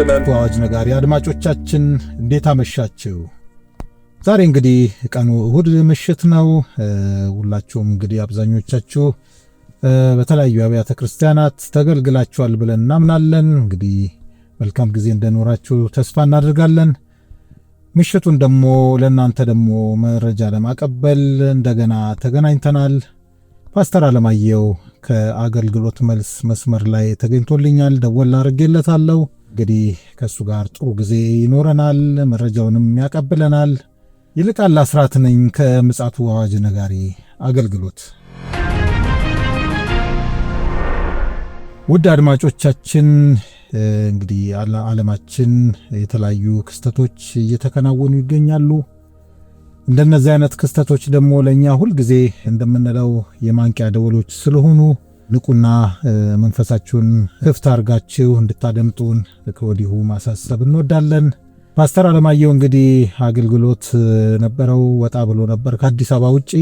አዋጅ ነጋሪ አድማጮቻችን እንዴት አመሻችው? ዛሬ እንግዲህ ቀኑ እሁድ ምሽት ነው። ሁላችሁም እንግዲህ አብዛኞቻችሁ በተለያዩ አብያተ ክርስቲያናት ተገልግላችኋል ብለን እናምናለን። እንግዲህ መልካም ጊዜ እንደኖራችሁ ተስፋ እናደርጋለን። ምሽቱን ደግሞ ለእናንተ ደግሞ መረጃ ለማቀበል እንደገና ተገናኝተናል። ፓስተር አለማየሁ ከአገልግሎት መልስ መስመር ላይ ተገኝቶልኛል። ደወል አድርጌለታለሁ። እንግዲህ ከእሱ ጋር ጥሩ ጊዜ ይኖረናል። መረጃውንም ያቀብለናል። ይልቃል አስራት ነኝ ከምፅዓቱ አዋጅ ነጋሪ አገልግሎት። ውድ አድማጮቻችን እንግዲህ ዓለማችን የተለያዩ ክስተቶች እየተከናወኑ ይገኛሉ። እንደነዚህ አይነት ክስተቶች ደግሞ ለእኛ ሁልጊዜ እንደምንለው የማንቂያ ደወሎች ስለሆኑ ንቁና መንፈሳችሁን ክፍት አድርጋችሁ እንድታደምጡን ከወዲሁ ማሳሰብ እንወዳለን። ፓስተር አለማየሁ እንግዲህ አገልግሎት ነበረው፣ ወጣ ብሎ ነበር ከአዲስ አበባ ውጪ፣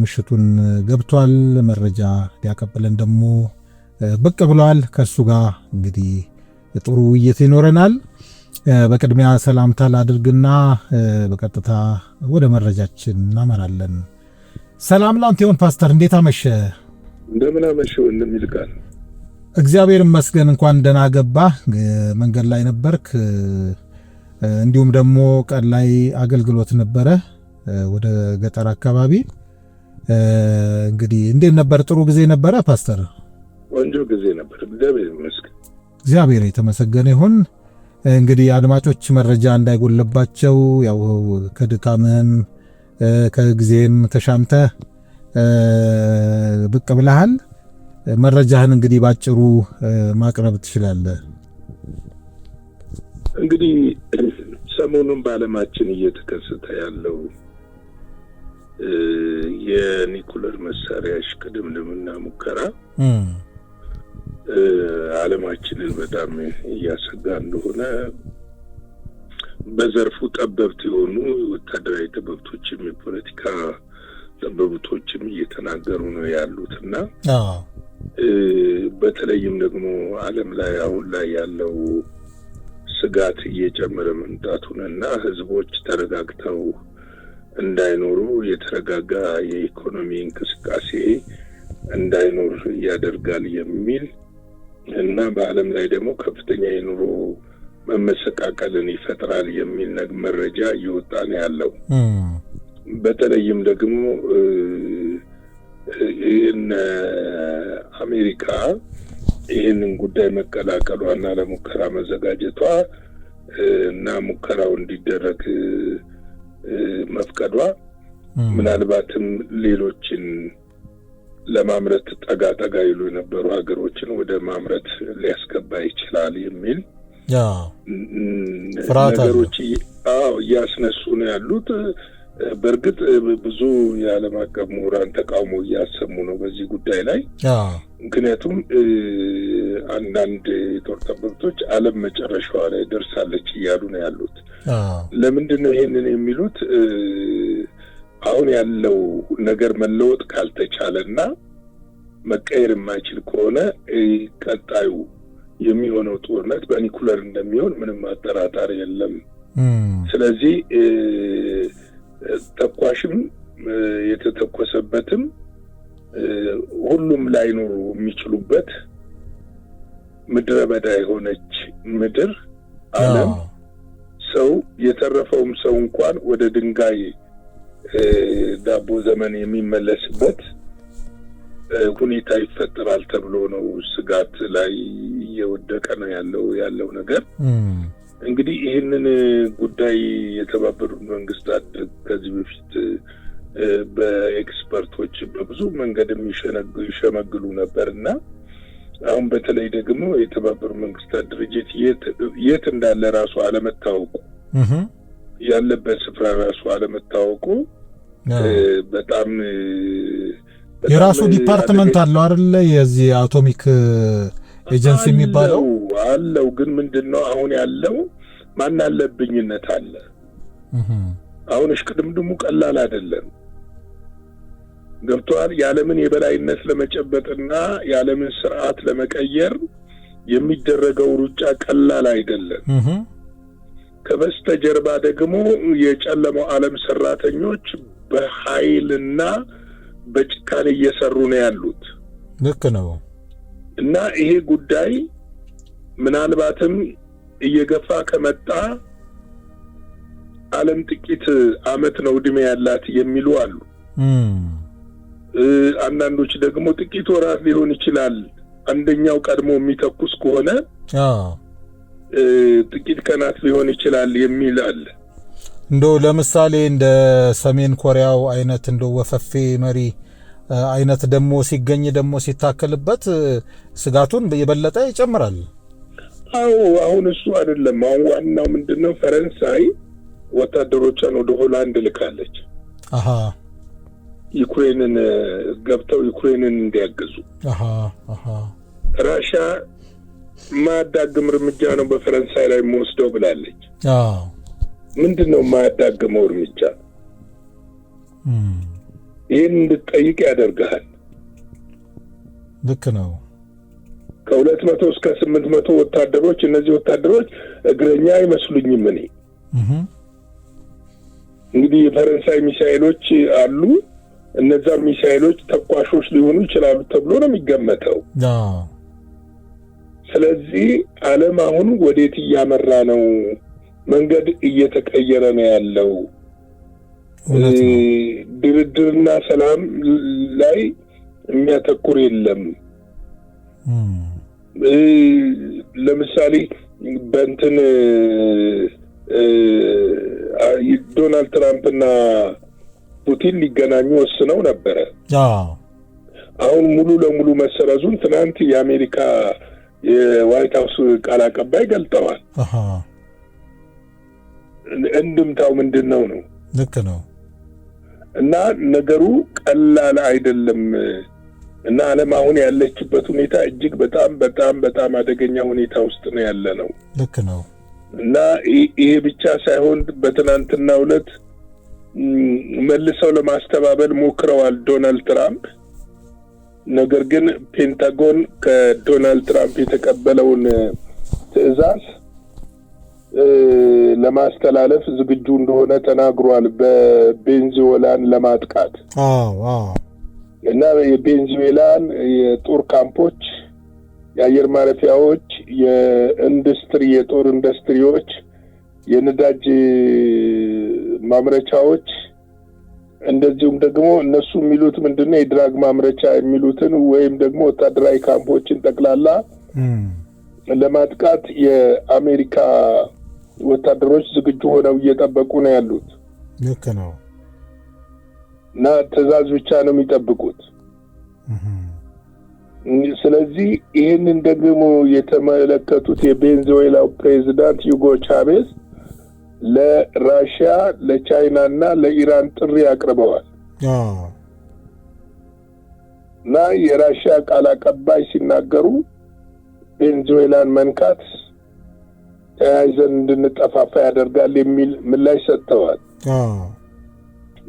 ምሽቱን ገብቷል። መረጃ ሊያቀብለን ደግሞ ብቅ ብሏል። ከእሱ ጋር እንግዲህ ጥሩ ውይይት ይኖረናል። በቅድሚያ ሰላምታ ላድርግና በቀጥታ ወደ መረጃችን እናመራለን። ሰላም ላንተ ይሁን ፓስተር፣ እንዴት አመሸ? እንደምን አመሽ ወንድም ይልቃል። እግዚአብሔር ይመስገን። እንኳን ደህና ገባህ። መንገድ ላይ ነበርክ፣ እንዲሁም ደግሞ ቀን ላይ አገልግሎት ነበረ ወደ ገጠር አካባቢ። እንግዲህ እንዴት ነበር? ጥሩ ጊዜ ነበረ ፓስተር? ቆንጆ ጊዜ ነበር፣ እግዚአብሔር ይመስገን። እግዚአብሔር የተመሰገነ ይሁን። እንግዲህ አድማጮች መረጃ እንዳይጎልባቸው ያው ከድካምህም ከጊዜም ተሻምተ ብቅ ብለሃል። መረጃህን እንግዲህ ባጭሩ ማቅረብ ትችላለህ። እንግዲህ ሰሞኑን በዓለማችን እየተከሰተ ያለው የኒኩለር መሳሪያ ሽቅድምድምና ሙከራ ዓለማችንን በጣም እያሰጋ እንደሆነ በዘርፉ ጠበብት የሆኑ ወታደራዊ ጠበብቶችም የፖለቲካ ጠበብቶችም እየተናገሩ ነው ያሉት እና በተለይም ደግሞ ዓለም ላይ አሁን ላይ ያለው ስጋት እየጨመረ መምጣቱን እና ህዝቦች ተረጋግተው እንዳይኖሩ የተረጋጋ የኢኮኖሚ እንቅስቃሴ እንዳይኖር ያደርጋል የሚል እና በዓለም ላይ ደግሞ ከፍተኛ የኑሮ መመሰቃቀልን ይፈጥራል የሚል መረጃ እየወጣ ነው ያለው። በተለይም ደግሞ ይህን አሜሪካ ይህንን ጉዳይ መቀላቀሏ ና ለሙከራ መዘጋጀቷ እና ሙከራው እንዲደረግ መፍቀዷ ምናልባትም ሌሎችን ለማምረት ጠጋ ጠጋ ይሉ የነበሩ ሀገሮችን ወደ ማምረት ሊያስገባ ይችላል የሚል ነገሮች እያስነሱ ነው ያሉት። በእርግጥ ብዙ የዓለም አቀፍ ምሁራን ተቃውሞ እያሰሙ ነው በዚህ ጉዳይ ላይ። ምክንያቱም አንዳንድ የጦር ጠበብቶች ዓለም መጨረሻዋ ላይ ደርሳለች እያሉ ነው ያሉት። ለምንድን ነው ይሄንን የሚሉት? አሁን ያለው ነገር መለወጥ ካልተቻለ እና መቀየር የማይችል ከሆነ ቀጣዩ የሚሆነው ጦርነት በኒኩለር እንደሚሆን ምንም አጠራጣሪ የለም። ስለዚህ ተኳሽም የተተኮሰበትም ሁሉም ላይኖሩ የሚችሉበት ምድረ በዳ የሆነች ምድር አለም ሰው የተረፈውም ሰው እንኳን ወደ ድንጋይ ዳቦ ዘመን የሚመለስበት ሁኔታ ይፈጠራል ተብሎ ነው ስጋት ላይ እየወደቀ ነው ያለው ያለው ነገር እንግዲህ ይህንን ጉዳይ የተባበሩት መንግስታት ከዚህ በፊት በኤክስፐርቶች በብዙ መንገድ ይሸመግሉ ነበር እና አሁን በተለይ ደግሞ የተባበሩ መንግስታት ድርጅት የት እንዳለ ራሱ አለመታወቁ ያለበት ስፍራ ራሱ አለመታወቁ በጣም የራሱ ዲፓርትመንት አለው አይደለ? የዚህ አቶሚክ ኤጀንሲ የሚባለው አለው። ግን ምንድን ነው አሁን ያለው ማን አለብኝነት አለ። አሁን እሽቅድምድሙ ቀላል አይደለም። ገብቷል። የዓለምን የበላይነት ለመጨበጥና የዓለምን ስርዓት ለመቀየር የሚደረገው ሩጫ ቀላል አይደለም። ከበስተጀርባ ደግሞ የጨለመው ዓለም ሰራተኞች በኃይልና በጭካል እየሰሩ ነው ያሉት። ልክ ነው። እና ይሄ ጉዳይ ምናልባትም እየገፋ ከመጣ ዓለም ጥቂት ዓመት ነው እድሜ ያላት የሚሉ አሉ። አንዳንዶች ደግሞ ጥቂት ወራት ሊሆን ይችላል። አንደኛው ቀድሞ የሚተኩስ ከሆነ ጥቂት ቀናት ሊሆን ይችላል የሚል አለ። እንዶ ለምሳሌ እንደ ሰሜን ኮሪያው አይነት እንደ ወፈፌ መሪ አይነት ደግሞ ሲገኝ ደግሞ ሲታከልበት ስጋቱን የበለጠ ይጨምራል። አዎ አሁን እሱ አይደለም። አሁን ዋናው ምንድን ነው? ፈረንሳይ ወታደሮቿን ወደ ሆላንድ ልካለች። ዩክሬንን ገብተው ዩክሬንን እንዲያግዙ። ራሻ ማያዳግም እርምጃ ነው በፈረንሳይ ላይ የምወስደው ብላለች። ምንድን ነው እርምጃ? ይህን እንድትጠይቅ ያደርግሃል። ልክ ነው። ከሁለት መቶ እስከ ስምንት መቶ ወታደሮች እነዚህ ወታደሮች እግረኛ አይመስሉኝም። እኔ እንግዲህ የፈረንሳይ ሚሳይሎች አሉ። እነዛ ሚሳይሎች ተኳሾች ሊሆኑ ይችላሉ ተብሎ ነው የሚገመተው። ስለዚህ ዓለም አሁን ወዴት እያመራ ነው? መንገድ እየተቀየረ ነው ያለው። ድርድርና ሰላም ላይ የሚያተኩር የለም። ለምሳሌ በንትን ዶናልድ ትራምፕና ፑቲን ሊገናኙ ወስነው ነበረ። አሁን ሙሉ ለሙሉ መሰረዙን ትናንት የአሜሪካ የዋይት ሀውስ ቃል አቀባይ ገልጠዋል። እንድምታው ምንድን ነው ነው? ልክ ነው። እና ነገሩ ቀላል አይደለም። እና ዓለም አሁን ያለችበት ሁኔታ እጅግ በጣም በጣም በጣም አደገኛ ሁኔታ ውስጥ ነው ያለ ነው። ልክ ነው። እና ይሄ ብቻ ሳይሆን በትናንትና ዕለት መልሰው ለማስተባበል ሞክረዋል ዶናልድ ትራምፕ። ነገር ግን ፔንታጎን ከዶናልድ ትራምፕ የተቀበለውን ትዕዛዝ ለማስተላለፍ ዝግጁ እንደሆነ ተናግሯል። በቬንዙዌላን ለማጥቃት እና የቬንዙዌላን የጦር ካምፖች፣ የአየር ማረፊያዎች፣ የኢንዱስትሪ የጦር ኢንዱስትሪዎች፣ የነዳጅ ማምረቻዎች እንደዚሁም ደግሞ እነሱ የሚሉት ምንድነው የድራግ ማምረቻ የሚሉትን ወይም ደግሞ ወታደራዊ ካምፖችን ጠቅላላ ለማጥቃት የአሜሪካ ወታደሮች ዝግጁ ሆነው እየጠበቁ ነው ያሉት። ልክ ነው። እና ትዕዛዝ ብቻ ነው የሚጠብቁት። ስለዚህ ይህንን ደግሞ የተመለከቱት የቬንዙዌላው ፕሬዚዳንት ዩጎ ቻቤዝ ለራሽያ ለቻይና እና ለኢራን ጥሪ አቅርበዋል እና የራሽያ ቃል አቀባይ ሲናገሩ ቬንዙዌላን መንካት ተያይዘን እንድንጠፋፋ ያደርጋል የሚል ምላሽ ሰጥተዋል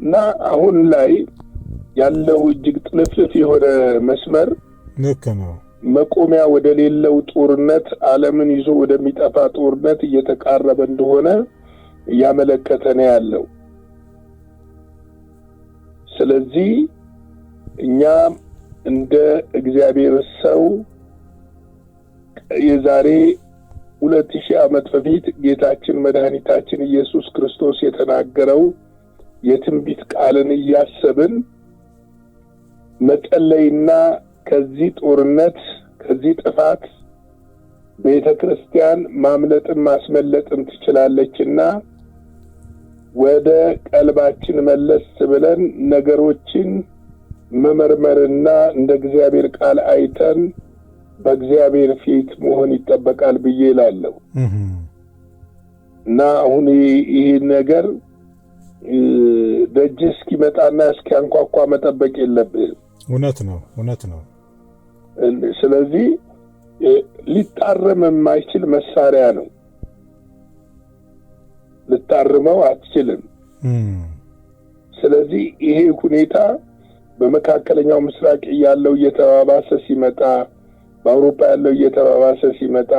እና አሁን ላይ ያለው እጅግ ጥልፍልፍ የሆነ መስመር ልክ ነው መቆሚያ ወደሌለው ጦርነት ዓለምን ይዞ ወደሚጠፋ ጦርነት እየተቃረበ እንደሆነ እያመለከተ ነው ያለው። ስለዚህ እኛ እንደ እግዚአብሔር ሰው የዛሬ ሁለት ሺህ ዓመት በፊት ጌታችን መድኃኒታችን ኢየሱስ ክርስቶስ የተናገረው የትንቢት ቃልን እያሰብን መጸለይና ከዚህ ጦርነት ከዚህ ጥፋት ቤተ ክርስቲያን ማምለጥም ማስመለጥም ትችላለችና ወደ ቀልባችን መለስ ብለን ነገሮችን መመርመርና እንደ እግዚአብሔር ቃል አይተን በእግዚአብሔር ፊት መሆን ይጠበቃል ብዬ እላለሁ እና አሁን ይህ ነገር ደጅ እስኪመጣና እስኪያንኳኳ መጠበቅ የለብህም። እውነት ነው፣ እውነት ነው። ስለዚህ ሊታረም የማይችል መሳሪያ ነው። ልታርመው አትችልም። ስለዚህ ይሄ ሁኔታ በመካከለኛው ምስራቅ ያለው እየተባባሰ ሲመጣ በአውሮፓ ያለው እየተባባሰ ሲመጣ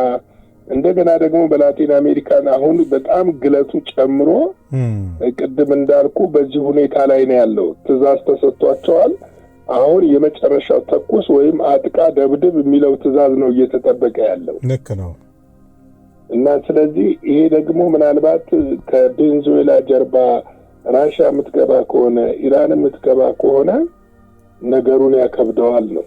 እንደገና ደግሞ በላቲን አሜሪካን አሁን በጣም ግለቱ ጨምሮ ቅድም እንዳልኩ በዚህ ሁኔታ ላይ ነው ያለው። ትዕዛዝ ተሰጥቷቸዋል። አሁን የመጨረሻው ተኩስ ወይም አጥቃ፣ ደብድብ የሚለው ትእዛዝ ነው እየተጠበቀ ያለው። ልክ ነው። እና ስለዚህ ይሄ ደግሞ ምናልባት ከቬንዙዌላ ጀርባ ራሽያ የምትገባ ከሆነ ኢራን የምትገባ ከሆነ ነገሩን ያከብደዋል ነው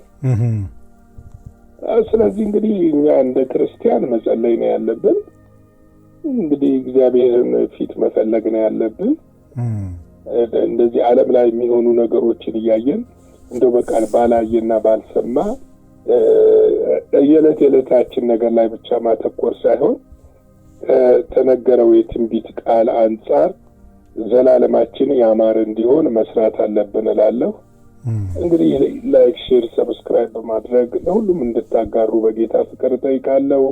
ስለዚህ እንግዲህ እኛ እንደ ክርስቲያን መጸለይ ነው ያለብን። እንግዲህ እግዚአብሔርን ፊት መፈለግ ነው ያለብን። እንደዚህ ዓለም ላይ የሚሆኑ ነገሮችን እያየን እንደው በቃ ባላየና ባልሰማ የዕለት የዕለታችን ነገር ላይ ብቻ ማተኮር ሳይሆን ከተነገረው የትንቢት ቃል አንጻር ዘላለማችን ያማረ እንዲሆን መስራት አለብን እላለሁ። እንግዲህ ላይክ፣ ሼር፣ ሰብስክራይብ በማድረግ ለሁሉም እንድታጋሩ በጌታ ፍቅር ጠይቃለሁ።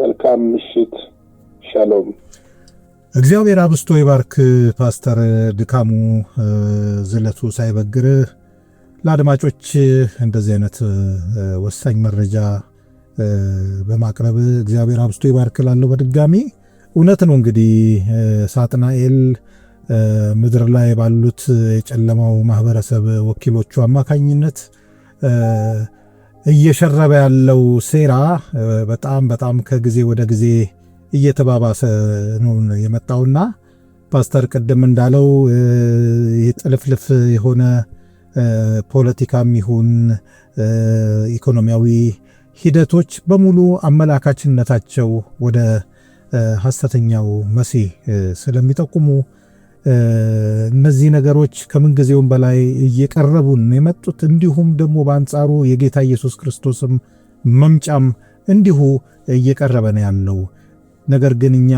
መልካም ምሽት። ሻሎም። እግዚአብሔር አብስቶ ይባርክ። ፓስተር ድካሙ ዝለቱ ሳይበግር ለአድማጮች እንደዚህ አይነት ወሳኝ መረጃ በማቅረብ እግዚአብሔር አብስቶ ይባርክ ላለሁ በድጋሚ እውነት ነው እንግዲህ ሳጥናኤል ምድር ላይ ባሉት የጨለማው ማህበረሰብ ወኪሎቹ አማካኝነት እየሸረበ ያለው ሴራ በጣም በጣም ከጊዜ ወደ ጊዜ እየተባባሰ ነው የመጣውና ፓስተር ቅድም እንዳለው የጥልፍልፍ የሆነ ፖለቲካም ይሁን ኢኮኖሚያዊ ሂደቶች በሙሉ አመላካችነታቸው ወደ ሐሰተኛው መሲህ ስለሚጠቁሙ እነዚህ ነገሮች ከምንጊዜውም በላይ እየቀረቡን የመጡት እንዲሁም ደግሞ በአንጻሩ የጌታ ኢየሱስ ክርስቶስም መምጫም እንዲሁ እየቀረበ ነው ያለው። ነገር ግን እኛ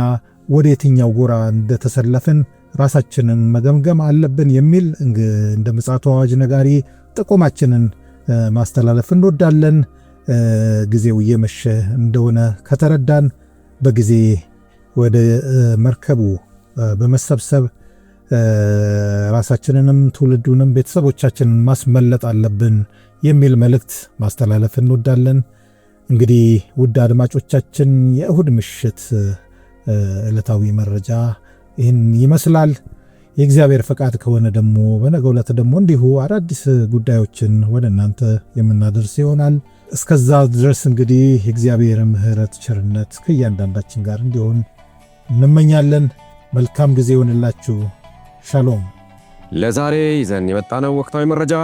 ወደ የትኛው ጎራ እንደተሰለፍን ራሳችንን መገምገም አለብን የሚል እንደ ምጽአቱ አዋጅ ነጋሪ ጥቆማችንን ማስተላለፍ እንወዳለን። ጊዜው እየመሸ እንደሆነ ከተረዳን በጊዜ ወደ መርከቡ በመሰብሰብ ራሳችንንም ትውልዱንም ቤተሰቦቻችንን ማስመለጥ አለብን የሚል መልእክት ማስተላለፍ እንወዳለን። እንግዲህ ውድ አድማጮቻችን የእሁድ ምሽት ዕለታዊ መረጃ ይህን ይመስላል። የእግዚአብሔር ፈቃድ ከሆነ ደግሞ በነገ ዕለት ደግሞ እንዲሁ አዳዲስ ጉዳዮችን ወደ እናንተ የምናደርስ ይሆናል። እስከዛ ድረስ እንግዲህ የእግዚአብሔር ምሕረት ቸርነት ከእያንዳንዳችን ጋር እንዲሆን እንመኛለን። መልካም ጊዜ ይሆንላችሁ። ሸሎም። ለዛሬ ይዘን የመጣነው ወቅታዊ መረጃ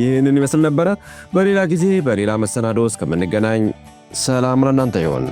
ይህንን ይመስል ነበረ። በሌላ ጊዜ በሌላ መሰናዶ እስከምንገናኝ ሰላም ለእናንተ ይሆን።